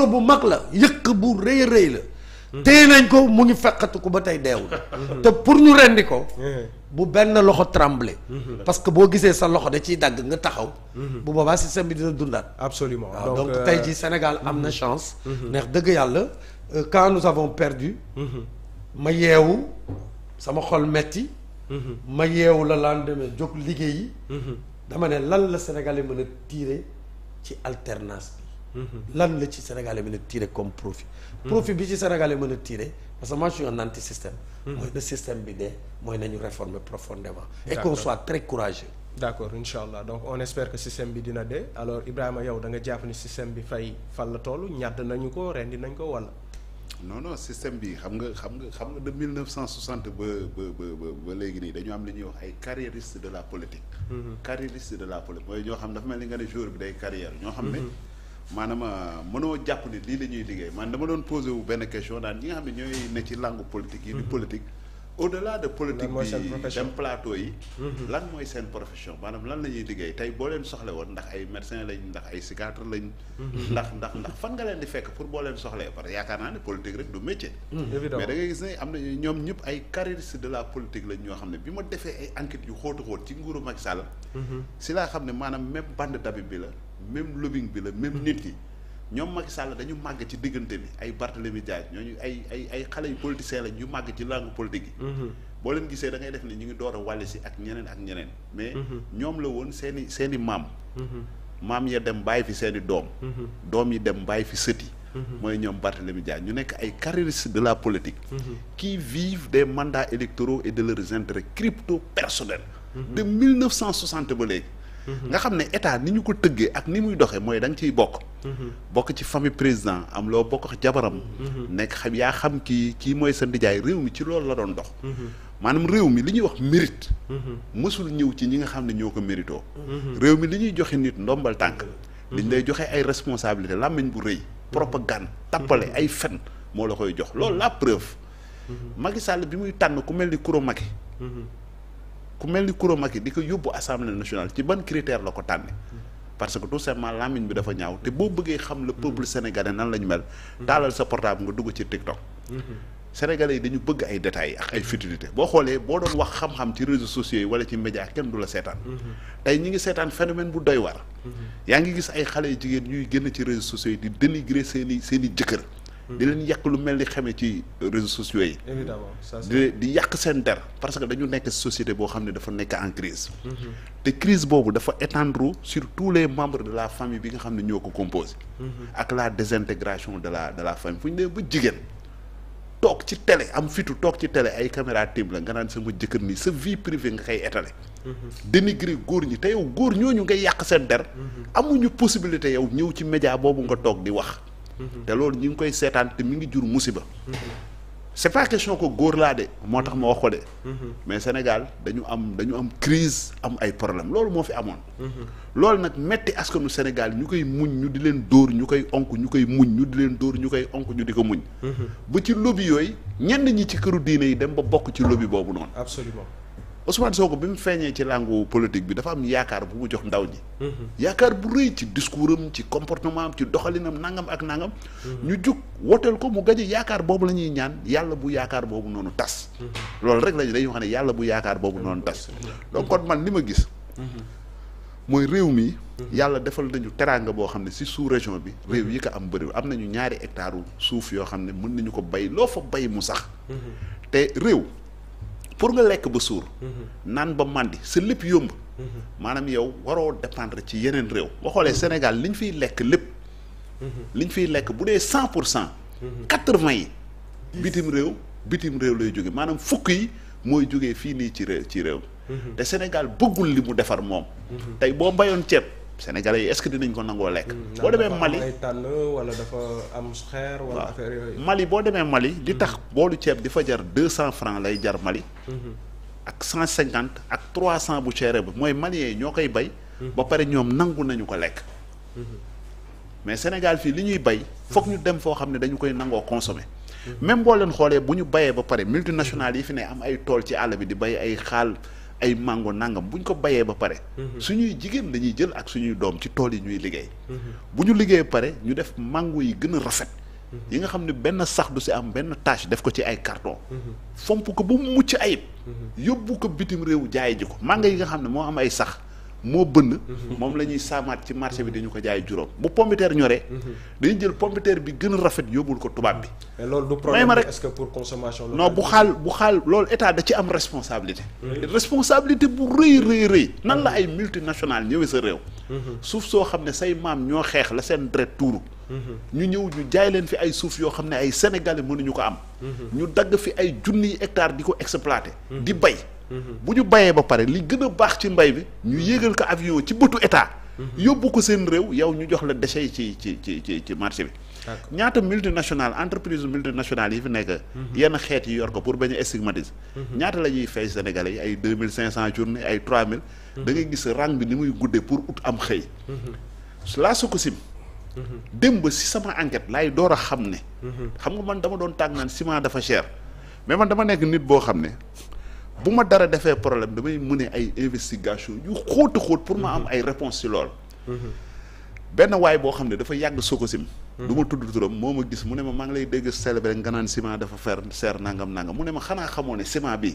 jàngoro bu mag la yëq bu rëy rëy la téye nañ ko mu ngi fekkati ko ba tey deewul mhm. te pour ñu rendi ko mhm. bu benn loxo tremblé mhm. parce que boo gisee sa loxo da ciy dagg nga taxaw bu boobaa système bi dina dundaat absolument waaw donc euh, tey jii Sénégal am na chance neex dëgg yàlla kaanu euh, nous avons perdu ma yeewu sama xol metti ma yeewu la lendemain jóg liggéeyi dama ne lan la Sénégalais mën a tiire ci alternance bi Mhm. lan la ci sénégalais mën a tirer comme profit profit bi ci sénégalais mën a tirer parce que moi je suis un anti système mhm. mooy na système bi de mooy nañu réformer profondément et qu'on soit très courageux d' accord incha allah donc on espère que système bi dina de alors Ibrahima yow danga nga jàpp ni système bi fay fan la toll ñàdd nañu ko rendi nañ ko wala non non système bi xam nga xam nga xam nga de 1960 ba ba ba ba léegi nii dañu am li ñuy wax ay carriériste de la politique mhm. carriériste de ñoo xam dafa mel ñoo xam ne maanaam euh, mënoo jàpp ni lii la ñuy liggéey man dama doon posé wu benn question daan ñi nga xam ne ñooy ne ci langue politique yi di mhm. politique au-delà de politique bi dem plateau yi mhm. lan mooy seen profession maanaam lan la ñuy liggéey tey boo leen soxle woon ndax ay médecin lañ ndax ay psychiatre lañ mhm. ndax ndax ndax fan nga leen di fekk pour boo leen soxlee parce que yaakaar naa ne politique rek du métier mhm. mais da gis ne am na ñoom ñëpp ay carriéristes de la politique lañ ñoo xam ne bi ma defee ay enquêtes yu xóotu xóot ci nguuru Macky Sall si laa xam ne maanaam même bande d'habits bi la même lobbying bi la même nit ñoom Macky Sall dañu màgg ci diggante bi ay Barthélemy Dias ñooñu ay xale yu politiciens lañ ñu màgg ci langue politique yi. Mhm. boo leen gisee da def ne ñu ngi door a wàll si ak ñeneen ak ñeneen. mais mhm. ñoom la woon seen i i maam. Mhm. maam ya dem bàyyi fi seen i doom. doom yi dem bàyyi fi sët mooy ñoom Barthélemy Dias ñu nekk ay carriéristes de la politique. qui vivent des mandats électoraux et de leurs intérêts crypto personnels. de nga xam ne état ni ñu ko tëggee ak ni muy doxee mooy danga nga ciy bokk. Mhm. bokk ci famille président am loo bokk jabaram. Mhm. nekk xam yaa xam ki kii mooy sa ndijaay réew mi ci loolu la doon dox. Mhm. maanaam réew mi li ñuy wax mérite. mësul ñëw ci ñi nga xam ne ñoo ko méritoo. réew mi li ñuy joxe nit ndombal tànk. liñ lay joxe ay responsabilité làmmiñ bu rëy. propagande tappale ay fen moo la koy jox loolu la preuve. Macky bi muy tànn ku mel ni Kourou Macky. ku mel ni Koura Macky di ko yóbbu assemblée nationale ci ban critère la ko tànne parce que tout simplement làmmiñ bi dafa ñaaw te boo bëggee xam le peuple sénégalais nan la ñu mel taalal sa portable nga dugg ci TikTok sénégalais yi dañu bëgg ay détails ak ay futilité boo xoolee boo doon wax xam-xam ci réseaux sociaux yi wala ci média kenn du la seetaan tey ñi ngi seetaan phénomène bu doy war yaa ngi gis ay xale yu jigéen ñuy génn ci réseaux sociaux yi di dénigrer seen seen i jëkkër di leen yàq lu mel ni xamee ci réseaux sociaux yi. di yàq seen der parce que dañu nekk société boo xam ne dafa nekk en crise mhm. te crise boobu dafa étendre sur tous les membres de la famille bi nga xam ne ñoo ko composé. Mhm. ak la désintégration de la de la famille fu ñu nee ba jigéen. toog ci télé am fitu toog ci télé ay caméra tim la nga naan sama jëkkër nii sa vie privée nga koy étaler mhm. dénigrer góor ñi te yow góor ñooñu ngay yàq seen der amuñu possibilité yow ñëw ci média boobu nga toog di wax Mhm. te loolu ñu ngi koy seetaan te mi ngi jur musiba. c' est pas question ko góor laa de moo tax ma wax ko de. Mhm. mais Sénégal dañu am dañu am crise am ay problème loolu moo fi amoon. Mhm. loolu nag metti askanu Sénégal ñu koy muñ ñu di leen dóor ñu koy onk ñu koy muñ ñu di leen dóor ñu koy onk ñu di ko muñ. bu ci lobby yooyu ñenn ñi ci këru diine yi dem ba bokk ci lobi boobu noonu. absolument. Ousmane Sonko bi mu feeñee ci làngu politique bi dafa am yaakaar bu mu jox ndaw ñi. yaakaar bu rëy ci discours am ci comportement am ci doxalinam nangam ak nangam. ñu jug wooteel ko mu gaje yaakaar boobu la ñuy ñaan yàlla bu yaakaar boobu noonu tas. loolu rek lañu dañuy wax ne yàlla bu yaakaar boobu noonu tas. donc kon man li ma gis. mooy réew mi. yàlla defal nañu teraanga boo xam ne si sous région bi. réew yi ko am bëriwul am nañu ñaari hectare suuf yoo xam ne mën nañu ko bay loo fa bay mu sax. te pour nga lekk ba suur. Mhm. naan ba màndi sa lépp yomb. Mhm. maanaam yow waroo dépendre ci yeneen réew. boo xoolee mhm. Sénégal li ñu fiy lekk lépp. liñ fiy lekk bu dee cent pour cent. quatre vingt yi. bitim réew bitim réew lay jóge maanaam fukk yi mooy jógee fii nii ci réew ci réew. te Sénégal bëggul li mu defar moom. tey boo bayoon ceeb. sénégalais yi ce que dinañ ko nangoo lekk. Hmm, boo demee Mali ay tànn wala dafa am xeer wala affaire Mali boo demee Mali li hmm. tax boolu ceeb di fa jar deux cent francs lay jar Mali. Hmm. ak cent cinquante ak trois cent bu ceere bi mooy Maliens yi ñoo koy bay. ba pare ñoom nangu nañu ko lekk. mais Sénégal fii li ñuy bay. foog ñu dem foo xam ne dañu koy nangoo consommer. même boo leen xoolee bu ñu bayee ba pare multinationales yi fi ne am ay tool ci àll bi di bay ay xaal. ay mango nàngam bu ñu ko bayee ba pare. Mhm. suñuy jigéen lañuy jël ak suñuy doom ci tool yi ñuy liggéey. Mhm. bu ñu liggéey pare ñu def mango yi gën a rafet. Mhm. yi nga xam ne benn sax du si am benn tâche def ko ci ay carton fomp ko bu mu mucc ayib. yóbbu ko bitim réew jaay ji ko mango yi nga xam ne moo am ay sax. moo bënn mhm. moom la ñuy saamaat ci marché bi dañu ko jaay juróom bu pompiteer ñoree mhm. dañuy jël pompiteer bi gën a rafet yóbbul ko tubaab bi mais loolu ma rek est que pour consommation non bu xaal bu xaal loolu état da ci am responsabilité responsabilité bu rëy rëy nan la mhm. ay multinationales ñëwee sa réew suuf soo xam ne say maam ñoo xeex la seen dret tuuru ñu ñëw ñu jaay leen fi ay suuf yoo xam ne ay sénégalais mënuñu ko am ñu dagg fi ay junniy hectares di ko exploiter di bay Mhm. bu ñu bayee ba pare li gën a baax ci mbay bi ñu yéegal ko avion ci bëtu état mhm. yóbbu ko seen réew yow ñu jox la déchet ci ci ci ci ci marché bi ñaata multinationale entreprise multinationale yi fi nekk mhm. yenn xeet yi yor pour bañ a stigmatise ñaata la ñuy fay yi ay deux mille cinq cent journée ay trois mille da ngay gis rang bi ni muy guddee pour ut am xëy laa su ko sim démb si sama enquête laay door a xam ne xam nga man dama doon tàng naan ciment dafa cher mais man dama nekk nit boo xam ne bu ma dara defee problème damay mu ne ay investigation yu xóotu xóot pour ma am mhm. ay réponse ci lool mhm. benn waay boo xam ne dafa yàgg soo Sococim mhm. du ma tudd turam moo ma gis mu ne ma maa ngi lay dégg célébré nga naan ciment dafa fer seer nangam nangam mu ne ma xanaa xamoo ne ciment bi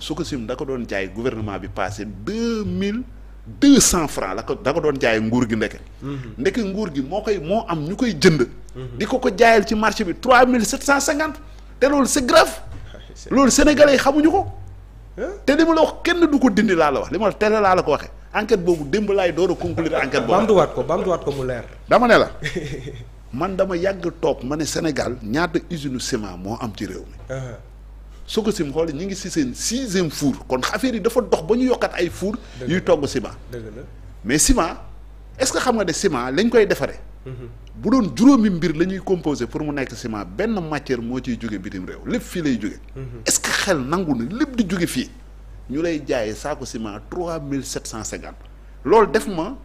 Sococim da ko doon jaay gouvernement bi passé deux mille deux cent francs la ko da ko doon jaay nguur gi ndeke ndeke nguur gi moo koy moo am ñu koy jënd di ko ko jaayal ci marché bi trois mille sept cent cinquante te loolu c'est grave loolu sénégalais yi xamuñu ko te li ma la wax kenn du ko dindi laa la wax li ma la tere laa la ko waxee enquête boobu démb laay door a conclure enquête boobu. bamtuwaat ko bamtuwaat ko mu leer. dama ne la man dama yàgg toog ma ne Sénégal ñaata usine ciment moo am ci réew mi. Ah. su ko sim xool ñi ngi si seen sixième four kon affaire yi dafa dox ba ñu yokkat ay four yuy togg ciment. mais ciment est-ce que xam nga ne ciment lañ koy defaree. Mm-hmm. bu doon juróomi mbir la ñuy composé pour mu nekk ciment benn matière moo ciy jóge bitim réew lépp fii lay jóge mm-hmm. est que xel nangu na lépp di jóge fii ñu lay jaaye saako ciment trois mille sept cent cinquante lool def ma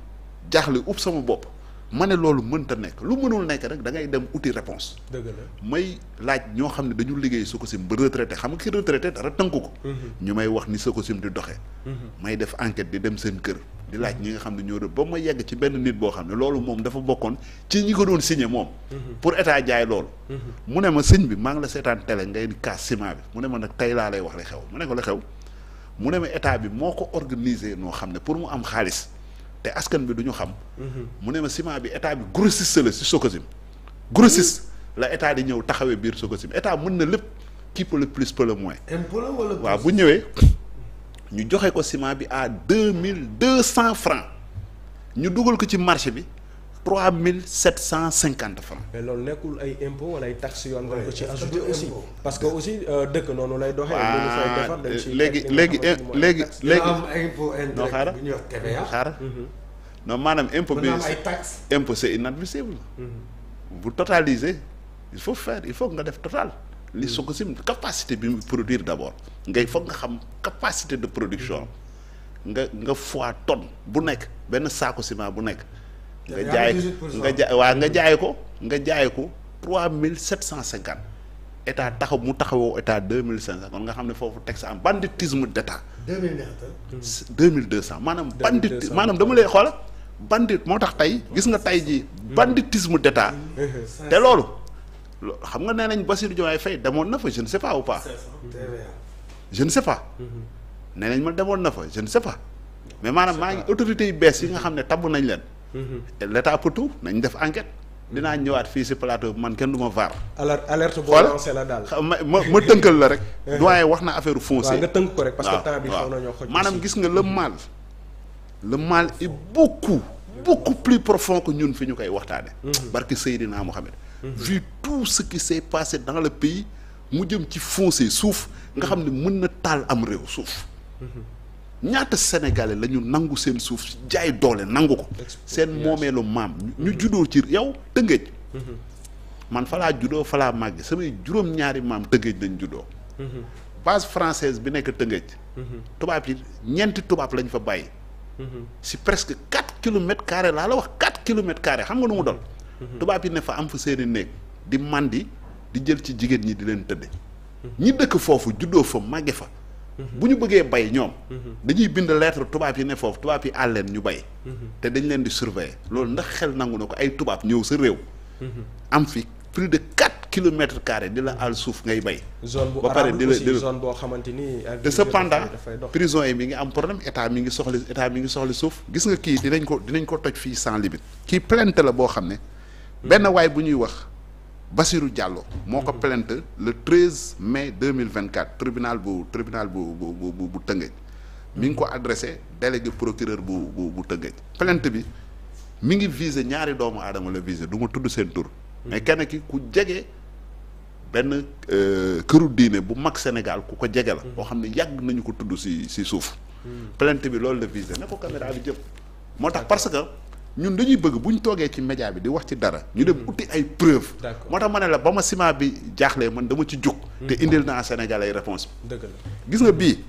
jaaxle ub sama bopp ma ne loolu mënta nekk lu mënul nekk rek da ngay dem outil réponse dëgg may laaj ñoo xam ne dañu liggéey Sococim ba retraité xam nga ki retraité dara tënku ko mm-hmm. ñu may wax ni ko Sococim di doxee may def enquête di dem seen kër di laaj ñi nga xam ne ñoo doon ba ma yegg ci benn nit boo xam ne loolu moom dafa bokkoon ci ñi ko doon signé moom. Mhm. pour état jaay loolu. Mhm. mu ne ma sëñ bi maa ngi la seetaan télé ngay kaas ciment bi mu ne ma nag tey laa lay wax li xew mu ne ko la xew mu ne ma état bi moo ko organisé noo xam ne pour mu am xaalis te askan bi du ñu xam. Mhm. mu ne ma ciment bi état bi grossiste la si Sococim. grossiste la état di ñëw taxawee biir Sococim état mën na lépp qui peut le plus peut le moins. impôt la ñëwee. ñu joxe ko ciment bi à deux mille deux cent francs ñu dugal ko ci marché bi trois mille sept cent cinquante francs. mais loolu nekkul ay impôts wala ay taxes yoo xam ko ci ajouté parce que aussi euh, dëkk noonu lay doxee. dañu léegi léegi léegi léegi am impôt indirect ñuy wax TVA xaaral mhm. non maanaam impôt bi impôt c'est inadmissible. bu mhm. totaliser il faut faire il faut nga def total. li Sonko si capacité bi produire d' abord ngay foog nga xam capacité de production nga nga fois tonne bu nekk benn saako ciment bu nekk. nga jaay nga jaay waaw nga jaay ko nga jaay ko trois mille sept cent cinquante état taxaw mu taxawoo état deux mille cinq cent nga xam ne foofu teg sa am banditisme d' état. deux mille mm. mille deux cent maanaam. bandit maanaam dama lay xoola bandit moo tax tey gis nga tey jii. Mm. banditisme d' état mm. te loolu. xam nga nee nañ Bassirou Diomaye Faye demoon na fa je ne sais pas ou pas. je mm-hmm. nee nañ ma demoon na fa je ne mais maanaam maa ngi autorités yu bees yi nga xam ne tabb nañ leen. Mm-hmm. l'état pour tout nañ def enquête. Mm-hmm. dinaa ñëwaat fii si plateau man kenn du ma vaar. alerte alerte boo lancé la daal ma ma tënkal la rek. doyen wax na affaire foncier. waaw nga tënk ko rek parce que temps ñoo xoj maanaam gis nga le mal. le mal est beaucoup. beaucoup plus profond que ñun fi ñu koy waxtaane mhm. barke Seydina Mohamed mhm. vu tout ce qui s'est passé dans le pays mu jëm ci foncier suuf nga xam ne mën na taal am réew suuf mhm. ñaata sénégalais la ñu nangu seen suuf jaay doole nangu ko seen moomeelu maam ñu juddoo ci yow tëngéej man falaa juddoo falaa màgge samay juróom-ñaari maam tëngéej lañ juddoo base française bi nekk tëngéej tubaab yi ñeenti tubaab lañ fa bàyyi si presque quatre kilomètres carrés laa la wax quatre kilomètres carrés xam nga lu mu doon. Mhm. tubaab yi ne fa am fa seeni néeg di mandi di jël ci jigéen ñi di leen tëdde mhm. ñi dëkk foofu juddoo fa màgge fa. Mhm. bu ñu bëggee bay ñoom. dañuy bind lettre tubaab yi ne foofu tubaab yi àll leen ñu bay. te dañ leen di surveiller loolu ndax xel nangu na ko ay tubaab ñëw sa réew. am fi plus de kilomètre carré di la àll suuf ngay bay. ba pare di la boo xamante ni. te cependant prison yi mi ngi am problème état mi ngi soxla état mi ngi soxla suuf gis nga kii dinañ ko dinañ ko toj fii sans limite. kii plainte la boo xam ne. Hmm. benn waay bu ñuy wax Basirou Diallo. moo ko hmm. plainte le 13 mai 2024 tribunal bu tribunal bu bu bu bu Tëngéej. mi ngi ko hmm. adressé délégué procureur bu bu bu Tëngéej. plainte bi mu ngi visé ñaari doomu aadama la visé du ma tudd seen tur. mais kenn ki ku jege. benn euh, këru diine bu mag Sénégal ku ko jege la. Mm. boo xam ne yàgg nañu ko tudd si si suuf. Mm. plainte bi loolu la visé ne ko caméra bi jëm. moo tax parce que ñun dañuy bëgg bu ñu toogee ci média bi di wax ci dara. ñu dem mm. uti ay preuve moo tax ma ne la ba ma ciment bi jaaxlee man dama ci jug. te indil naa Sénégal ay réponse dëgg gis nga bii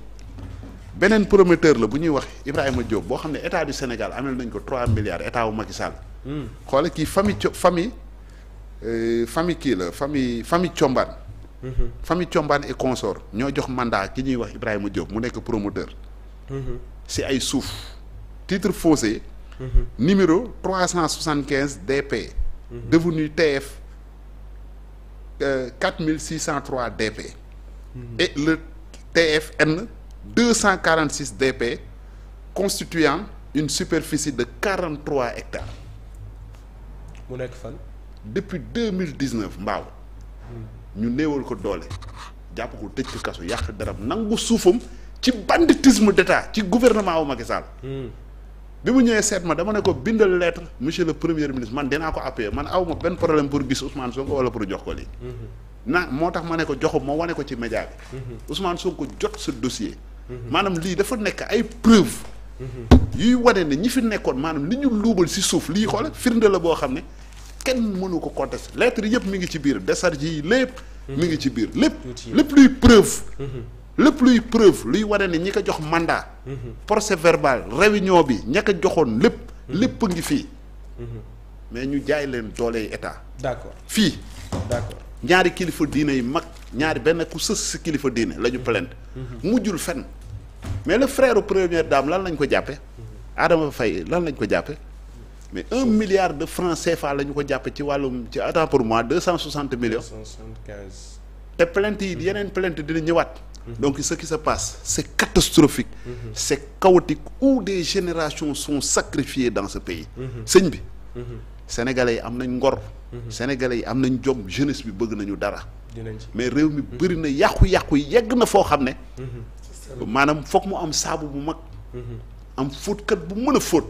beneen promoteur la bu ñuy wax Ibrahima Diop boo xam ne état du Sénégal amel nañ ko 3 milliards état wu Macky i xoolal kii famille Euh, famille kii la famille famille Combaan. Mhm. famille Combaan et consort ñoo jox mandat ki ñuy wax Ibrahima Diop mu nekk promoteur. Mhm. si ay suuf titre foncier. Mhm. numéro quinze DP. devenu TF 4603 DP. et le TFN 246 DP constituant une superficie de 43 hectares. mu nekk depuis deux mille dix neuf mbaaw ñu néewal ko doole jàpp ko tëj ko kaso yàq darab nangu suufam ci banditisme d'état ci gouvernement wu Macky Sall hmm. bi mu ñëwee seet ma dama ne ko bindal lettre monsieur le premier ministre man dinaa ko appuyer man aw ma benn problème pour gis Ousmane Sonko wala pour jox ko lii. Hmm. na moo tax ma ne ko joxu ma wane ko ci média bi. Hmm. Ousmane Sonko jot sa dossier. maanaam lii dafa nekk ay preuve yuy wane ne ñi fi nekkoon maanaam li ñu luubal si suuf lii xoolal firnde la boo xam ne. kenn mënu ko contester lettre yëpp mu ngi ci biir décharge yi lépp. Mhm. mi ngi ci biir lépp. lépp luy preuve. Mhm. lépp luy preuve luy wane ni ñi ko jox mandat. Mhm. procès verbal réunion bi ña ko joxoon lépp. lépp ngi fii. mais ñu jaay leen doole yi état. d'accord fii. ñaari kilifa diine yi mag ñaari benn ku sës si kilifa diine la ñu plainte. mujjul fenn mais le frère première dame lan lañ ko jàppee. Adama fay lan lañ ko jàppee. mais un milliard de francs CFA la ñu ko jàpp ci wàllum ci attends pour moi deux cent soixante millions. deux cent soixante quinze. te plainte yi mhm. yeneen plainte dina ñëwaat. Mhm. donc ce qui se passe c'est catastrophique. Mhm. c'est chaotique où des générations sont sacrifiées dans ce pays. sëñ bi. sénégalais yi am nañ ngor. sénégalais yi am nañ jom jeunesse bi bëgg nañu dara. mais réew mi bëri na yàqu-yàqu yegg na foo xam ne. maanaam foog mu am saabu bu mag. am fóotkat bu mën a fóot.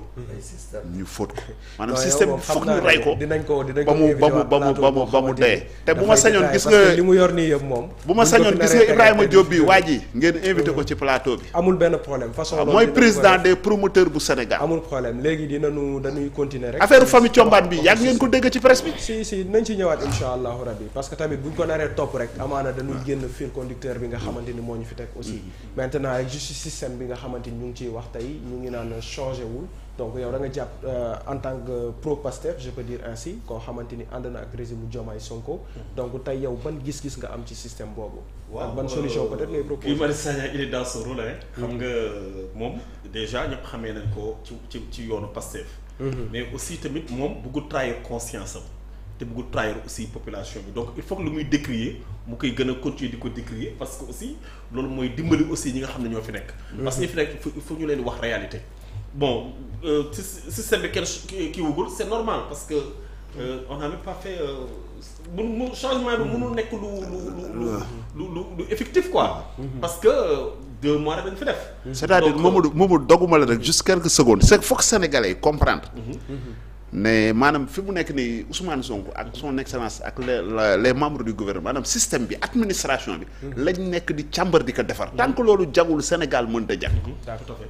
ñu fóot ko maanaam système bi foog ñu rey ko dinañ ko dinañ ko ba mu ba mu ba mu ba mu ba mu dee. te bu ma sañoon gis nga mu yor nii moom. bu ma sañoon gis nga Ibrahima Diop bi waa ji ngeen invité ko ci plateau bi. amul benn problème façon ah, loolu mooy président des promoteurs bu Sénégal. amul problème léegi dinañu dañuy continuer rek. affaire famille Thiombane bi yàgg ngeen ko dégg ci presse bi. si ci ñëwaat incha allahu rabbi parce que tamit buñ ko naree topp rek amaana dañuy ah. génn bi nga xamante ni moo ñu fi teg aussi mm-hmm. maintenant rek justice système bi nga ni ñu ngi ciy wax tey mu ngi naan changé wul donc yow da nga jàpp euh, en tant que pro Pastef je peux dire ainsi koo xamante ni ànd na ak régime Diomaye Sonko. Hmm. donc tey yow ban gis-gis nga am ci système boobu. waaw ban solution peut-être ngay proposer. Guy Marius Sagna il est dans son hmm. xam nga moom déjà ñëpp xamee nañ ko ci ci ci yoonu Pastef. Hmm. mais aussi tamit moom bëggu trahir conscience am. te bëggul trahir aussi population bi donc il faut lu muy décrier mu koy gën a continuer di ko décrier parce que aussi loolu mooy dimbali aussi ñi nga xam ne ñoo fi nekk. parce que ñi fi il faut leen wax réalité. bon euh, si système bi kenn kii wugul c'est normal parce que euh, on n'a même pas euh, changement bi mënul nekk lu lu lu lu lu mhm. parce que euh, deux mois rek dañ fi def. c'est-à-dire Mamadou Mamadou dogguma la rek juste quelques secondes c'est faut que yi comprendre. Mhm. Mhm. ne maanaam fi mu nekk nii Ousmane Sonko ak son excellence ak les les membre du gouvernement maanaam système bi administration bi. Mhm. lañ nekk di càmbar di ko defar. tant loolu jagul Sénégal mën a jag. Mhm.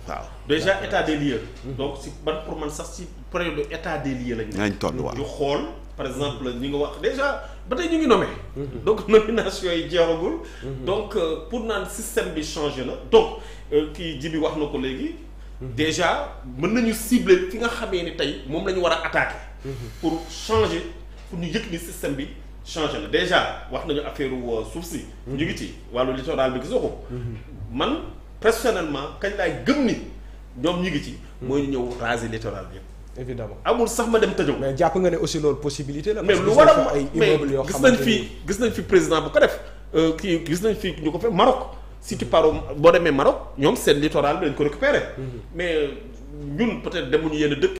waaw déjà état des lieux. Mhm. donc si ban pour man sax si période état des lieux lañ. lañ toll waaw ñu xool par exemple ñu ngi wax déjà ba tey ñu ngi nommé. donc nomination yi jeexagul. donc euh, pour naan système bi changé na donc euh, kii ji bi wax na ko léegi. déjà mën nañu cibler fi nga xamee ni tey moom la ñu war a attaque pour changer pour ñu yëg ni système bi changé na déjà wax nañu affaire euh, suuf si. ñu ngi ci wàllu littoral bi gis gisoo ko. man personnellement kañ laay gëm ni ñoom ñu ngi ci. mooy ñu ñëw raser littoral bi yëpp. évidemment amul sax ma dem tëjoo. mais jàpp nga ne aussi loolu possibilité la. mais lu war a mais gis nañ fi président bu ko def euh, kii gis nañ fi ñu ko fa Maroc. si tu boo demee Maroc ñoom seet littoral bi dañ ko récupérer mhm. mais euh, ñun peut-être demuñu yenn dëkk